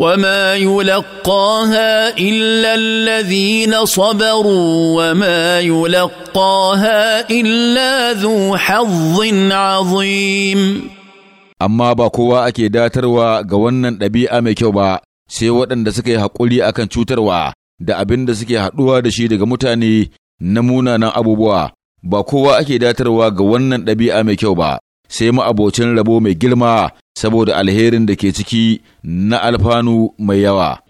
وما يلقاها الا الذين صبروا وما يلقاها الا ذو حظ عظيم amma ba kowa ake datarwa ga wannan ɗabi'a mai kyau ba sai waɗanda suka yi haƙuri akan cutarwa da abin da suke haɗuwa da shi daga mutane na munanan abubuwa ba kowa ake datarwa ga wannan ɗabi'a mai kyau ba sai ma'abocin rabo mai girma saboda alherin da ke ciki na alfanu mai yawa.